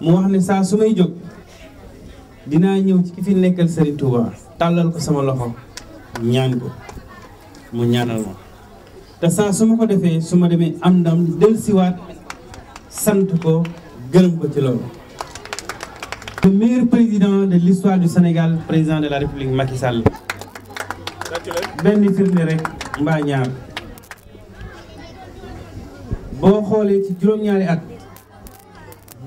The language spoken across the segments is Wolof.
moo wax ne saa su may jóg dinaa ñëw ci ki fi nekkal Serigne Touba tàllal ko sama loxo ñaan ko mu ñaanal ma te saa su ma ko defee su ma demee am ndam dellusiwaat sant ko gërëm ko ci loolu le président de l'histoire du Sénégal président de la République Macky Sall benn firnde rek mbaa ñaar boo xoolee ci juróom-ñaari at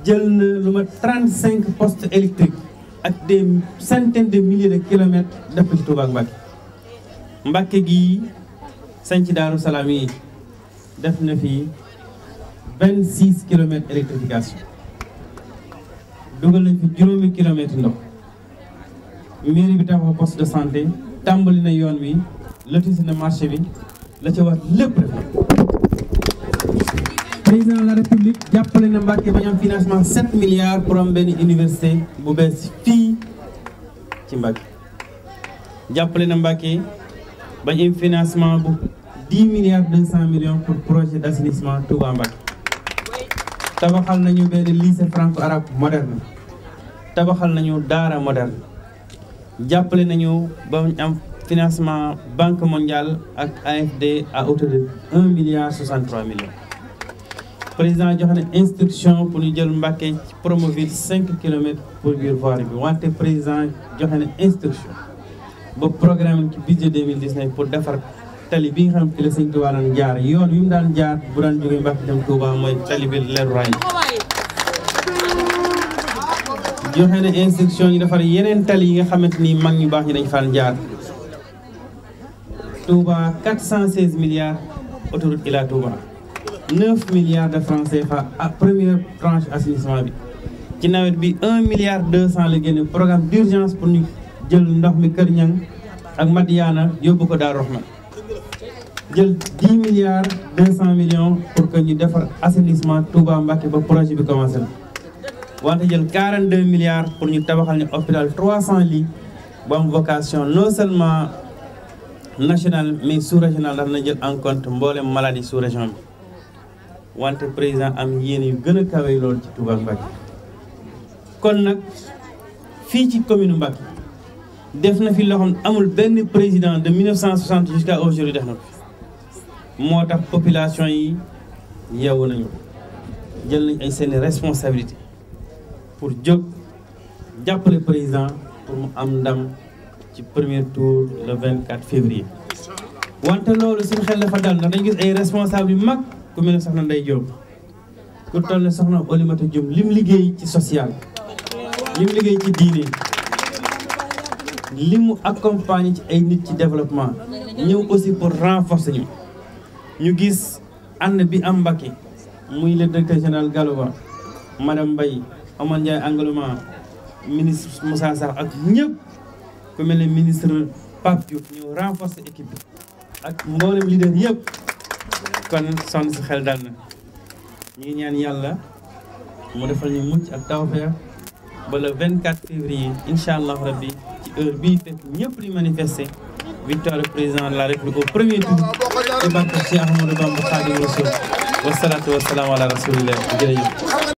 jël na lu ma 35 postes électriques ak des centaines de milliers de kilomètres def ko ci Touba ak Mbacké Mbacké gii Salaam yi def na fi 26 kilomètres électrification dugal nañ fi juróomi kilomètres ndox mairie bi taxaw poste de santé tàmbali na yoon wi lotisi na marché bi la ca wax lépp rek président de la république jàppale na Mbàkke ba ñu am financement 7 milliards pour un benn université bu bees fii ci Mbàkke jàppale na Mbàkke ba ñu financement bu 10 milliards 200 millions pour projet d'assainissement assainissement Touba Mbàkke tabaxal nañu benn lycée franco-arabe moderne tabaxal nañu daara moderne jàppale nañu ba am financement banque mondiale ak AFD à hauteur de 1 milliard 63 millions président joxe instruction pour ñu jël Mbaké promouvoir 5 km pour biir voirie wante président joxe instruction ba programme ci budget 2019 pour defar tali bi nga xam ci la sëñ jaar yoon wi mu jaar bu daan jógee Mbaké dem Touba moy tali bi leeru raay joxe instruction ñu défar yenen tali yi nga xamanteni mag ñu baax ñi dañ faan jaar Touba 416 milliards autoroute Ila Touba 9 milliards de francs CFA à première tranche assainissement Qui ci nawet bi 1 milliard 200 le programme d'urgence pour nous, jël ndox mi Kër Ñang ak Madiana 10 milliards 200 millions pour que ñu defar assainissement Touba Mbacké ba projet bi commencé 42 milliards pour ñu tabaxal un hôpital 300 lits bu vocation non seulement nationale mais sous-régionale daf na jël en compte les maladies sous régionales wante président am yéene yu gën a kawe loolu ci Touba mbakki kon nag fii ci commune mbakki def na fi loo xam amul benn président de 1960 jusqu'à aujourd'hui def na ko moo tax population yi yeewu nañu jël nañ ay seeni responsabilité pour jóg jàppale président pour mu am ndam ci premier tour le 24 février wante loolu suñu xel dafa dal ndax dañu gis ay responsable yu mag ku mel ne soxna Ndeye Diop ku toll ne soxna Olimata Diop lim liggey ci social lim liggey ci diine li accompagner ci ay nit ci développement ñew aussi pour renforcer ñu ñu gis and bi am Mbacké muy le directeur général Galouba madame bay amon Ndiaye Angloma ministre Moussa Sarr ak ñepp ku melni ministre pap Diouf ñëw renforcer équipe ak mboolem leader ñepp kon sonn si xel dal na ñu ngi ñaan yàlla mu defal ñu mucc ak tawfeex ba vingt 24 février incha allah rabbi ci heure bii fekk ñëpp di manifester victoire président de la république au premier tour ci barke Cheikh Ahmadou Bamba Khadim Rassoul wasalaatu wasalaamu ala rasulillah jërëjëf